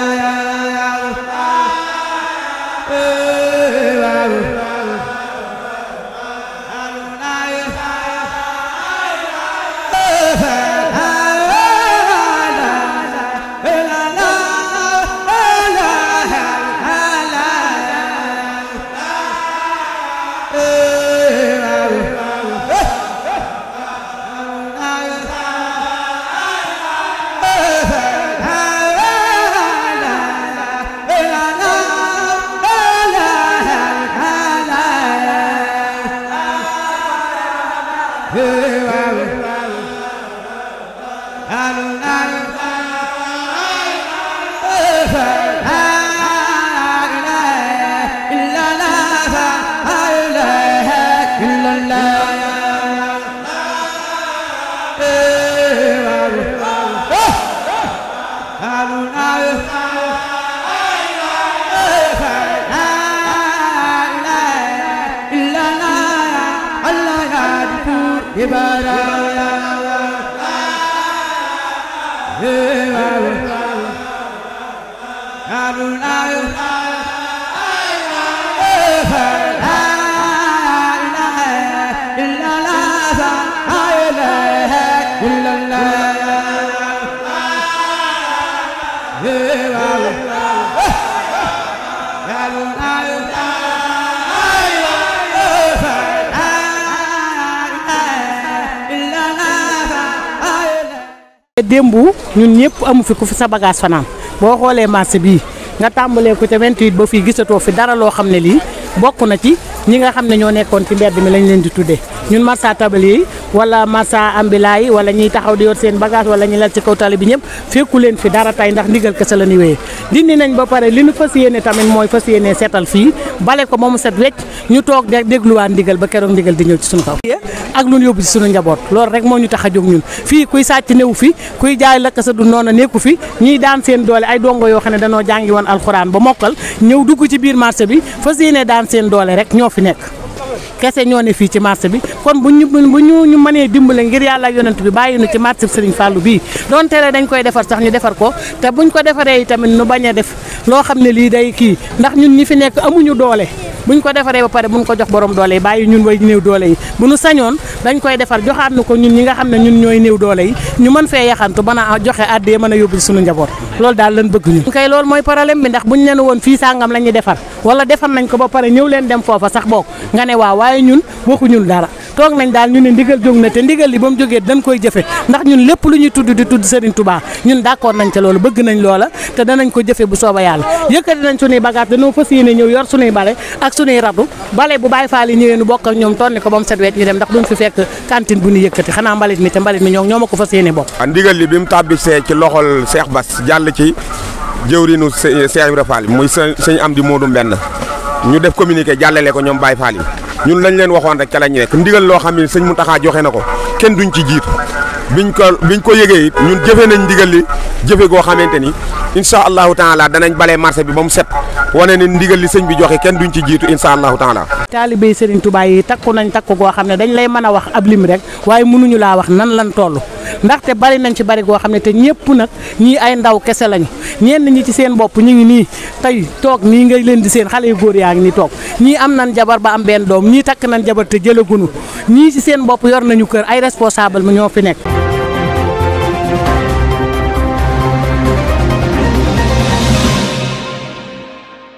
la Hey, démb ñun ñëpp amu fi ku fi sa bagage fanaan boo xoolee marché bi nga tàmbalee ko ca 28 ba fiy gisatoo fi dara loo xam ne lii bokk na ci ñi nga xam ne ñoo nekkoon ci mbedd mi lañ leen di tuddee ñun marsa tabal yi wala marsa ambila yi wala ñiy taxaw di yor seen bagage wala ñi lal ci kaw tali bi ñëpp fekku leen fi dara tey ndax ndigal kese la ñu wéyee dindi nañ ba pare li ñu fas yéene tamit mooy fa yéene seetal fii bale ko moomu set wecc ñu toog de dégluwaat ndigal ba keroog ndigal di ñëw ci suñu kaw ak lu ñu yóbbu ci suñu njaboot loolu rek moo ñu tax a jóg ñun fii kuy sàcc néew fi kuy jaay lakk sa du noonu nekku fi ñiy daan seen doole ay dongo yoo xam ne dañoo jàngi woon alxuraan ba mokkal ñëw dugg ci biir marché bi fas yéene daan seen doole rek ñoo fi nekk kese ñoo ne fii ci marché bi kon bu ñu ñu ñu mënee dimbale ngir yàlla yonent bi bàyyi nu ci marché bi Serigne Fallou bii doon tere dañ koy defar sax ñu defar ko te buñ ko a loo xam ne lii day kii ñun ñi fi nekk amuñu doole buñ ko defaree ba pare buñ ko jox borom doole yi bàyyi ñun way néew doole yi bu ñu sañoon dañ koy defar joxaat ko ñun ñi nga xam ne ñun ñooy néew doole yi ñu mën fee yaxantu mën a joxe àddee mën a yóbbul suñu njaboot loolu daal lan bëgg ñu kay loolu mooy problème bi ndax buñ leen woon la ñuy defar wala defar nañ ko ba pare waaye ñun waxuñu dara toog nañ daal ñu ne ndigal jóg te ndigal li ba jógee dañ koy jëfe ndax ñun lépp lu ñuy tudd di tudd Serigne Touba ñun d'accord nañ ca loolu bëgg nañ loola te danañ ko jëfe bu sooba yàlla yëkkati nañ suñuy bagage dañoo fas yéene ñëw yor suñuy bale ak suñuy ratu bale bu Baye Fall yi ñëwee nu bokk ak ñoom tonni ko ba mu set wet ñu dem ndax duñ fi fekk cantine bu ñu yëkkati xanaa mbalit mi te mbalit mi ñoo ñoo ma ko fas yéene bopp ah, ndigal li bi mu tàbbisee ci loxol Cheikh Bass jàll ci jëwriñu Cheikh Ibrahima Fall muy sëñ am di Modou Mbenn ñu def communiqué jàllale ko ñoom Baye Fall yi ñun lañ leen waxoon rek ca lañ nekk ndigal loo xam ne sëñ Mountakha joxe na ko kenn duñ ci jiit biñ ko biñ ko yëgee ñun jëfe nañ ndigal li jëfe goo xamante ni incha allahu taala danañ bale marché bi ba mu set wane ne ndigal li sëñ bi joxe kenn duñ ci jiitu incha allahu taala. taalibey Serigne Touba yi takku nañ takku goo xam ne dañ lay mën a wax ab lim rek waaye mënuñu laa wax nan lan toll. ndaxte bari nañ ci bari goo xam ne te ñëpp nag ñii ay ndaw kese lañu ñenn ñi ci seen bopp ñu ngi nii tey toog nii ngay leen di seen xale yu góor yaa ngi nii toog ñii am nañ jabar ba am benn doom ñii takk nañ jabar te jëlagunu ñii ci seen bopp yor nañu kër ay responsable mu ñoo fi nekk.